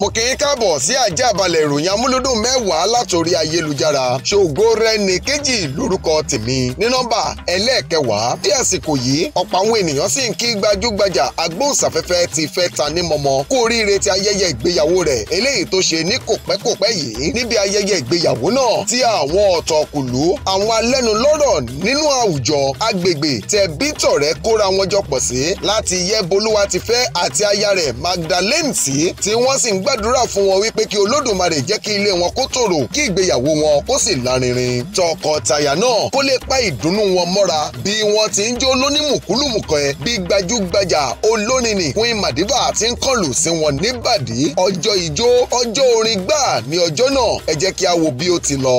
mo kì í káàbọ̀ sí àjàbalẹ̀ ìròyìn amúlúdùn mẹ́wàá látòrí ayélujára ṣògo rẹni kejì lórúkọ tèmi ní nọ́mbà ẹlẹ́ẹ̀kẹwàá tí àsìkò yìí ọ̀pọ̀ àwọn ènìyàn sì ń kí gbajúgbajà agbóhùnsáfẹ́fẹ́ ti fẹ́ ta ní mọ́mọ́ kú oríire ti ayẹyẹ ìgbéyàwó rẹ̀ eléyìí tó ṣe ní kòpẹ́kòpẹ́ yìí níbi ayẹyẹ ìgbéyàwó náà tí àwọn ọ̀tọ̀kùlú àwọn alẹ́nulọ́rọ̀ nínú àwùjọ agbègbè tẹbí tọ̀rẹ́ gbàdúrà fún wọn wípé kí olódùmarè jẹ́ kí ilé wọn kó tòrò kí ìgbéyàwó wọn kó sì lárinrin tọkọtaya náà kó lè pa ìdùnnú wọn mọ́ra bí wọ́n ti ń jó lónímùkúlùmùkọ́ ẹ bí gbajúgbajà olórin Queen Madiva ti ń kọlù sí wọn níbàdí ọjọ́ ijó ọjọ́ orin gbà ní ọjọ́ náà ẹ jẹ́ kí a wo bí ó ti lọ.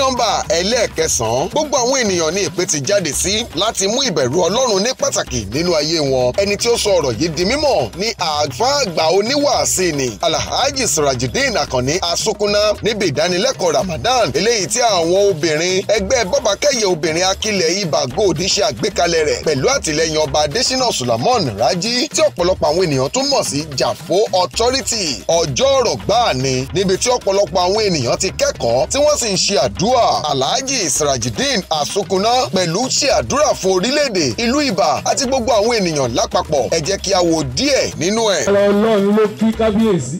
nọ́mbà ẹlẹ́ẹ̀kẹsàn-án gbogbo àwọn ènìyàn ní ìpè ti jáde sí láti mú ìbẹ̀rù ọlọ́run ní pàtàkì nínú ayé wọn ẹni tí ó sọ ọ̀rọ̀ yìí di mímọ̀ ní àgbà àgbà oníwàásí ni alhaji sirajideen akànni asukuna níbi ìdánilẹ́kọ̀ọ́ ramadan eléyìí tí àwọn obìnrin ẹgbẹ́ bọ́bakẹ́yẹ obìnrin akilẹ̀ ibà gold ṣe àgbékalẹ̀ rẹ̀ pẹ̀lú àtìlẹ́yìn ọba adésínà sulamon raji tí ọ̀pọ̀lọpọ̀ àwọn ènìyàn tún mọ̀ sí jafo authority ọjọ́ ọ̀rọ̀ gbáà ni níbi tí ọ̀pọ̀lọpọ̀ àwọn ènìyàn ti kẹ́kọ̀ọ́ tí wọ́n sì ń ṣe àdúrà Àdúà Alhaji Sirajideen Asukunna pẹ̀lú ṣe àdúrà fún orílẹ̀-èdè ìlú Ìbà àti gbogbo àwọn ènìyàn lápapọ̀ ẹ jẹ́ kí a wo díẹ̀ nínú ẹ̀. Ọlọ́run ló kí kábíyèsí.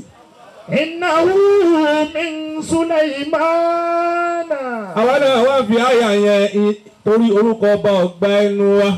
Innahu min Sulaimana. Àwa náà wá fi àyà yẹn torí orúkọ ọba ọgbà ẹnu wa.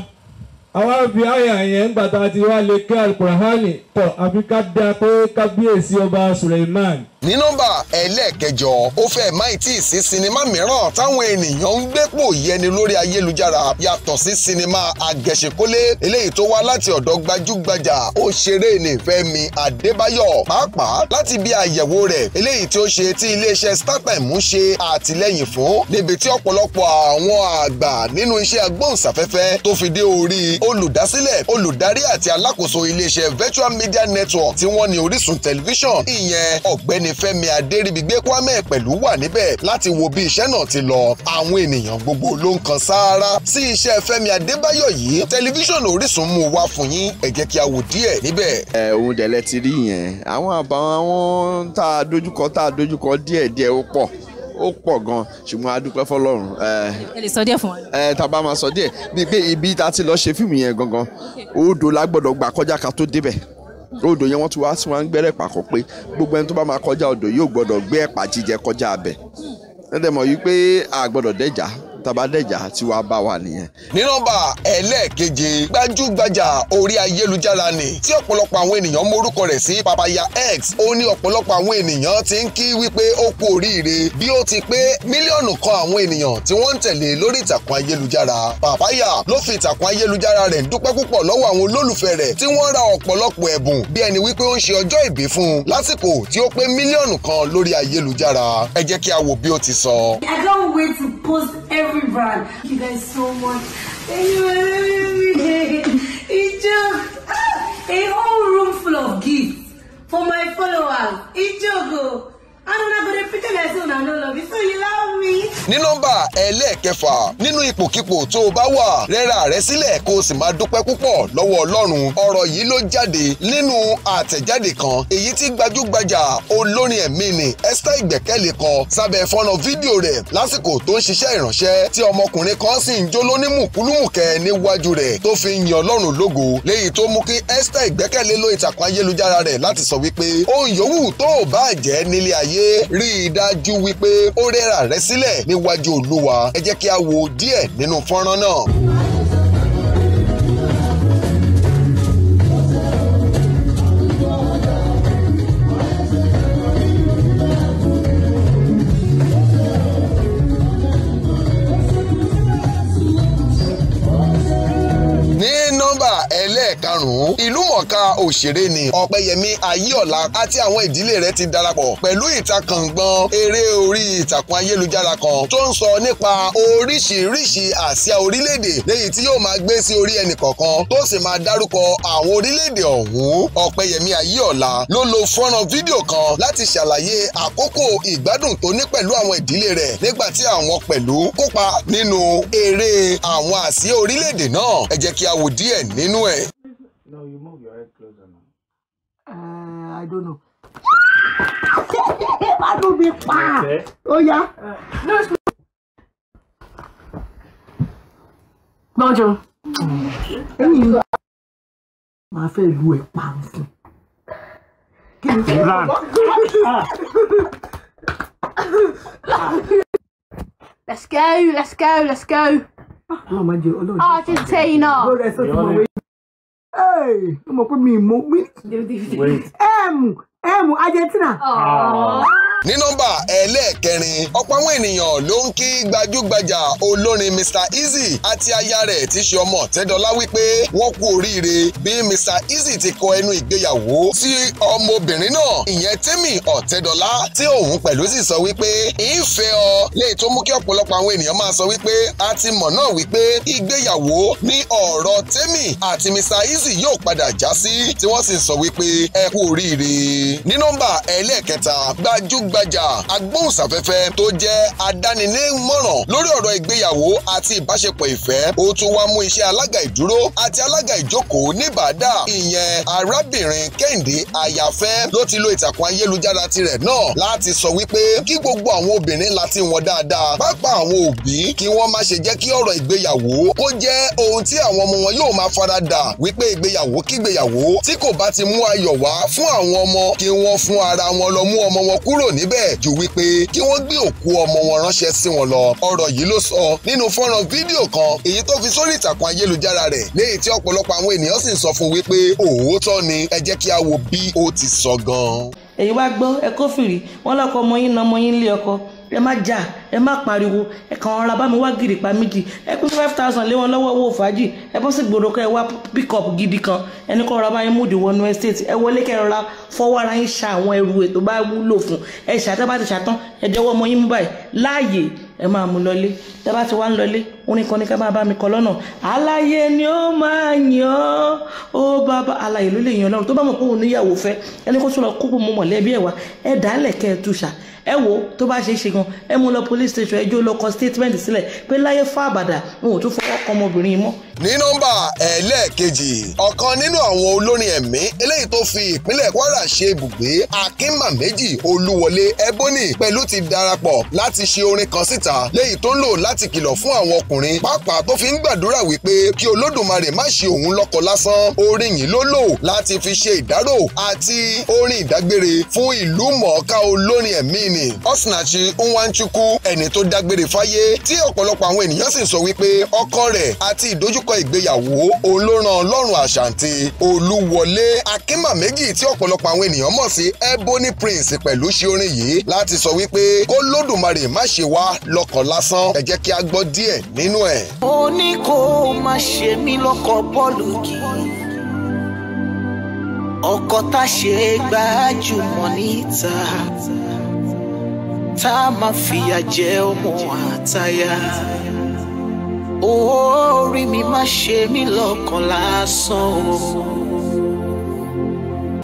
àwa fi àyà yẹn gbàtà tí wàá lè kí alukurahani tọ̀ àfi ká dá pé kábíyèsí ọba Suleiman ní nọ́mbà ẹlẹ́ẹ̀kẹjọ ó fẹ́ máì tí ì sí sinimá mìíràn táwọn ènìyàn ń gbépò yẹni lórí ayélujára yàtọ̀ sí sinimá agẹ̀ṣekólé eléyìí tó wá láti ọ̀dọ̀ gbajúgbajà òṣèré ní Fẹ́mi Adébáyọ̀ pàápàá láti bí àyẹ̀wò rẹ̀ eléyìí tí ó ṣe tí iléeṣẹ́ startime ń ṣe àtìlẹ́yìn fún níbi tí ọ̀pọ̀lọpọ̀ àwọn àgbà nínú iṣẹ́ agbóhùnsáfẹ́fẹ́ tó fi dé orí olùdásílẹ̀ olùdarí àti alákòóso iléeṣẹ́ virtual media network tí wọ́n ní orísun tẹlifíṣàn ìyẹn ọ̀gbẹ́ni fẹ́mi adéríbigbé kwame pẹ̀lú wà níbẹ̀ láti wo bí iṣẹ́ náà ti lọ àwọn ènìyàn gbogbo ló ń kan sáárá sí iṣẹ́ fẹ́mi adébáyọ̀ yìí tẹlifíṣàn orísun mú wá fún yín ẹ jẹ́ kí a wò díẹ̀ níbẹ̀. ẹ òun dẹ̀lẹ́ ti rí yẹn àwọn àbàwọ́n tá a dojúkọ tá a dojúkọ díẹ̀díẹ̀ ó pọ̀ ó pọ̀ gan ṣùgbọ́n a dúpẹ́ fọlọ́run. ẹ lè sọ díẹ̀ fún wa. ẹ tá a máa sọ díẹ̀ bíi pé ibi tá a ti lọ ṣe fíìmù yẹn gangan odò la gbọ́dọ̀ gbà kọjá ká tó débẹ̀ odò yẹn wọ́n ti wá sí wọn gbẹ́rẹ́ pàkọ́ pé gbogbo ẹni tó bá máa kọjá odò yóò gbọ́dọ̀ gbé ẹ̀pà jíjẹ kọjá abẹ hmm. ẹ dẹ̀ mọ̀ wípé a gbọ́dọ̀ dẹ́jà tàbádẹ́jà tí wàá bá wa nìyẹn. ní nọ́mbà ẹlẹ́ẹ̀keje gbajúgbajà orí ayélujára ni tí ọ̀pọ̀lọpọ̀ àwọn ènìyàn mórúkọ rẹ̀ sí papaya x ó ní ọ̀pọ̀lọpọ̀ àwọn ènìyàn ti ń kí wípé ó kú oríire bí ó ti pé mílíọ̀nù kan àwọn ènìyàn tí wọ́n ń tẹ̀lé lórí ìtàkùn ayélujára papaya ló fi ìtàkùn ayélujára rẹ̀ dúpẹ́ púpọ̀ lọ́wọ́ àwọn olólùfẹ́ rẹ̀ tí wọ́n ra ọ̀pọ̀lọpọ̀ ẹ̀bùn bí ẹni wípé ó ń ṣe ọjọ́ ìbí fún lásìkò tí ó pé mílíọ̀nù kan lórí ayélujára ẹ jẹ́ kí a wò bí ó ti sọ. I don't wait to post every every brand. Thank you guys so much. Thank you every day. It's just ah, a whole room full of gifts for my followers. It's Jogo ní nọ́mbà ẹlẹ́ẹ̀kẹfà nínú ipòkípò tó o bá wà rẹ́ra rẹ sílẹ̀ kó o sì máa dúpẹ́ púpọ̀ lọ́wọ́ ọlọ́run ọ̀rọ̀ yìí ló jáde nínú àtẹ̀jáde kan èyí tí gbajúgbajà olórin ẹ̀mí ni Esther Ìgbẹ́kẹ̀lé kọ sábẹ́ fọ́nà fídíò rẹ̀ lásìkò tó ń ṣiṣẹ́ ìránṣẹ́ tí ọmọkùnrin kan sì ń jó lóní mùkúlùmùkẹ níwájú rẹ̀ tó fi ń yan ọlọ́run lógo léyìí tó mú kí Esther Ìgbẹ́kẹ̀lé lo ìtàkùn ayélujára rẹ̀ láti sọ wípé ohun yòówù tó ò bá jẹ́ ayé rí i dájú wípé ó rẹ́ra rẹ sílẹ̀ níwájú olúwa ẹ jẹ́ kí a wo díẹ̀ nínú fọ́nrán náà. márùn-ún ìlú mọ̀ọ́ká òṣèré ni ọ̀pẹ́yẹmí ayéọ̀lá àti àwọn ìdílé rẹ̀ ti darapọ̀ pẹ̀lú ìtakàngbọ̀n eré orí ìtàkùn ayélujára kan tó ń sọ nípa oríṣiríṣi àsíá orílẹ̀-èdè léyìí tí yóò máa gbé sí orí ẹnì kọ̀ọ̀kan tó sì máa dárúkọ àwọn orílẹ̀-èdè ọ̀hún ọ̀pẹ́yẹmí ayéọ̀lá ló lo fọ́nrán fídíò kan láti ṣàlàyé àkókò ìgbádùn tó ní pẹ̀lú àwọn ìdílé rẹ̀ nígbà tí àwọn pẹ̀lú kópa nínú eré àwọn àsíá orílẹ̀-èdè náà ẹ jẹ́ kí a wò díẹ̀ nínú ẹ̀. Eh, I don't know. Oh yeah. pa! Ó yá. Lọ́jọ́. Ẹyin máa fẹ́ lu ẹ̀ pa fún. Kí ni fẹ́ lọ? Let's go, let's go, let's go. Ah, Argentina. Hey, mo mọ̀ pé mi mọ̀ mi. M M Argentina. Aww ní nọ́mbà ẹlẹ́ẹ̀kẹrin ọ̀pọ̀ àwọn ènìyàn ló ń kí gbajúgbajà olórin Mr Eazy àti aya rẹ̀ tí ṣe ọmọ tẹ́dọ̀lá wípé wọ́n kú oríire bí Mr Eazy ti kọ ẹnu ìgbéyàwó sí ọmọbìnrin náà ìyẹn Tẹ́mi Ọ̀tẹ́dọ̀lá tí òun pẹ̀lú sì sọ wípé ìfẹ́ ọ lè tó mú kí ọ̀pọ̀lọpọ̀ àwọn ènìyàn máa sọ wípé a ti mọ̀ náà wípé ìgbéyàwó ní ọ̀rọ̀ Tẹ́mi àti Mr Eazy yóò padà já sí tí wọ́n sì sọ wípé ẹ kú oríire ní nọ́mbà ẹlẹ́ẹ̀kẹta gbajú gbajúgbajà agbóhùnsáfẹ́fẹ́ tó jẹ́ adánilémọ̀ràn lórí ọ̀rọ̀ ìgbéyàwó àti ìbáṣepọ̀ ìfẹ́ ó tún wá mú iṣẹ́ alága ìdúró àti alága ìjókòó níbàdà ìyẹn arábìnrin kẹ́hìndé àyàfẹ́ ló ti lo ìtàkùn ayélujára tirẹ̀ náà láti sọ wípé kí gbogbo àwọn obìnrin láti wọn dáadáa pàápàá àwọn òbí kí wọ́n má ṣe jẹ́ kí ọ̀rọ̀ ìgbéyàwó kó jẹ́ ohun tí àwọn ọmọ wọn yóò máa faradà wípé ìgbéyàwó kígbéyàwó tí kò bá ti mú ayọ̀ wá fún àwọn ọmọ kí wọ́n fún ara wọn lọ mú ọmọ wọn kúrò ní níbẹ̀ ju wípé kí wọ́n gbé òkú ọmọ wọn ránṣẹ́ sí wọn lọ ọ̀rọ̀ yìí ló sọ nínú fọ́nrán fídíò kan èyí tó fi sórí ìtàkùn ayélujára rẹ̀ léyìí tí ọ̀pọ̀lọpọ̀ àwọn ènìyàn sì ń sọ fún wípé òótọ́ ni ẹ jẹ́ kí a wo bí ó ti sọ gan. èyí wá gbọ́ ẹ kófìrí wọn lọkọ ọmọ yín na ọmọ yín lé ọkọ ẹ má jà ẹ má pariwo ẹ kàn ra bá mi wá gidi pa méjì ẹ pín five thousand lé wọn lọ́wọ́ owó fàájì ẹ bọ́ sí gbòòrò kẹ́ ẹ wá pick up gidi kan ẹni kọ́ ra bá yín múdi wọnú estate ẹ wọlé kẹ́ ẹ rọra fọwọ́ ara yín ṣa àwọn ẹrù ètò bá wúlò fún ẹ ṣàtẹ́ bá ti ṣàtán ẹ jẹ́wọ́ ọmọ yín mú báyìí láàyè ẹ máa mú lọlé tẹ́ bá ti wá ń lọlé orin kan ní ká máa bá mi kọ lọ́nà aláyé ni ó máa yàn ó bàbá aláyé ló lè yàn lọ́rùn tó bá mọ̀ pé òun níyàwó fẹ́ ẹni kó tún lọ kó mọ̀ mọ̀lẹ́bí ẹ̀ wá ẹ dálẹ̀ kẹ́ ẹ túṣà ẹ wo tó bá ṣeé ṣe gan ẹ mú lọ police station ẹjọ́ lọ kọ statement sílẹ̀ pé láyé fún àbàdà n ò tún fọwọ́ kọ ọmọbìnrin mọ́. ní nọ́mbà ẹlẹ́ẹ̀kejì ọ̀kan nínú àwọn olórin ẹ̀mí eléyìí tó fi ìpínlẹ̀ Kwara ṣe ibùgbé akínmàméjì olúwọlé ẹbọnì pẹ̀lú ti darapọ̀ láti ṣe orin kan síta léyìí tó ń lò láti kìlọ̀ fún àwọn ọk ọkùnrin pàápàá tó fi ń gbàdúrà wípé kí olódùmarè má ṣe òun lọ́kọ lásán orin yìí ló lò láti fi ṣe ìdárò àti orin ìdágbére fún ìlú mọ̀ọ́ká olórin ẹ̀mí ni Osinachi Nwanchukwu ẹni tó dágbére fáyé tí ọ̀pọ̀lọpọ̀ àwọn ènìyàn sì sọ wípé ọkọ rẹ̀ àti ìdojúkọ ìgbéyàwó òun ló ràn lọ́rùn àṣàǹtì olúwọlé tí ọ̀pọ̀lọpọ̀ àwọn ènìyàn mọ̀ sí Ebony Prince pẹ̀lú ṣe orin yìí láti sọ wípé kó lódùmarè má ṣe wá lọ́kọ lásán nínú ẹ̀. ó ní kó o má ṣe mí lọ́kọ̀ bọ́ọ̀lù kì í ọkọ̀ tá a ṣe gbájúmọ̀ níta tá a máa fìyà jẹ ọmọ àtayá orí mi má ṣe mí lọ́kàn lásán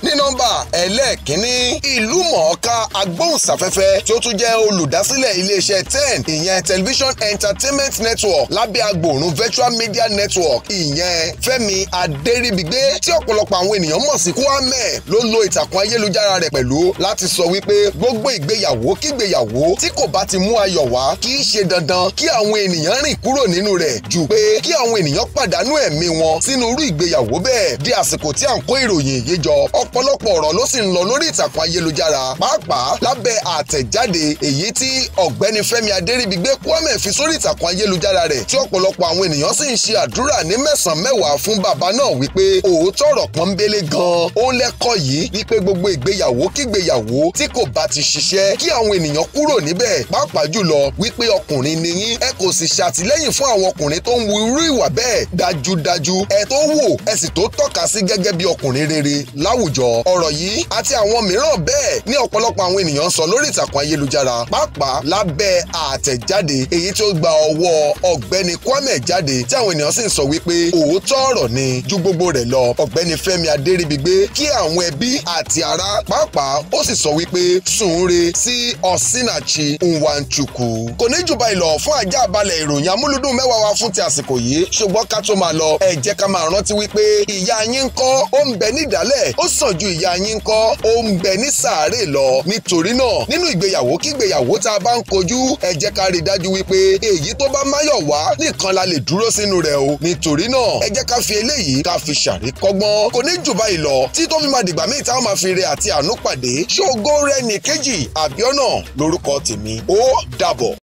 ní nọ́mbà ẹlẹ́ẹ̀kínní ìlú mọ̀ọ́ká agbóhùnsáfẹ́fẹ́ tí ó tún jẹ́ olùdásílẹ̀ iléeṣẹ́ ten ìyẹn television entertainment network lábẹ́ agbòòrùn virtual media network ìyẹn fẹ́mi adéríbigbé tí ọ̀pọ̀lọpọ̀ àwọn ènìyàn mọ̀ sí kwame ló lo ìtàkùn ayélujára rẹ̀ pẹ̀lú láti sọ wípé gbogbo ìgbéyàwó kígbéyàwó tí kò bá ti mú ayọ̀ wá kì í ṣe dandan kí àwọn ènìyàn rìn kúrò nínú rẹ̀ jù pé kí àwọn ènìyàn pàdánù ẹ̀mí wọn sínú irú ìgbéyàwó bẹ́ẹ̀ di àsìkò tí à ń kó ìròyìn yìí ọ̀p ọ̀pọ̀lọpọ̀ ọ̀rọ̀ ló sì ń lọ lórí ìtàkùn ayélujára pàápàá lábẹ́ àtẹ̀jáde èyí tí ọ̀gbẹ́ni Fẹ́mi Adéríbigbé Kwame fi sórí ìtàkùn ayélujára rẹ̀ tí ọ̀pọ̀lọpọ̀ àwọn ènìyàn sì ń ṣe àdúrà ní mẹ́sàn-án mẹ́wàá fún bàbá náà wípé òótọ́ ọ̀rọ̀ pọ́nbélé gan-an ó ń lẹ́kọ̀ọ́ yìí wípé gbogbo ìgbéyàwó kígbéyàwó tí kò bá ti ṣiṣẹ́ kí àwọn ènìyàn kúrò níbẹ̀ pàápàá jùlọ wípé ọkùnrin ni yín ẹ kò sì ṣàtìlẹ́yìn fún àwọn ọkùnrin tó ń wu irú ìwà bẹ́ẹ̀ dájúdájú ẹ tó wò ẹ sì tó tọ́ka sí gẹ́gẹ́ bí ọkùnrin rere láwùjọ lọ. ọ̀rọ̀ yìí àti àwọn mìíràn bẹ́ẹ̀ ní ọ̀pọ̀lọpọ̀ àwọn ènìyàn ń sọ lórí ìtàkùn ayélujára pàápàá lábẹ́ àtẹ̀jáde èyí tó gba ọwọ́ ọ̀gbẹ́ni Kwame jáde tí àwọn ènìyàn sì ń sọ wípé òótọ́ ọ̀rọ̀ ni ju gbogbo rẹ̀ lọ ọ̀gbẹ́ni Fẹ́mi Adéríbigbé kí àwọn ẹbí àti ará pàápàá ó sì sọ wípé sùnre sí Osinachi Nwanchukwu kò ní jù báyìí lọ fún ajá balẹ̀ ìròyìn amúlùdùn mẹ́wàá wa fún ti àsìkò yìí ṣùgbọ́n ká tó máa lọ ẹ jẹ́ ká máa rántí wípé ìyá yín ń kọ́ ó ń bẹ nídàálẹ̀ ó sàn ju ìyá yín kọ́ ó ń bẹ ní sàárè lọ nítorí náà nínú ìgbéyàwó kígbéyàwó tá a bá ń kojú ẹ jẹ́ ká rí i dájú wípé èyí tó bá máyọ̀ wá nìkan la lè dúró sínú rẹ̀ o nítorí náà ẹ jẹ́ ká fi eléyìí ká fi ṣàríkọ́gbọ́n kò ní jù báyìí lọ tí tó fi máa dìgbà míì táwọn máa fi re àti àánú pàdé ṣògo rẹ̀ nìkejì àbíọ́nà lórúkọ tèmi ó dàbọ̀.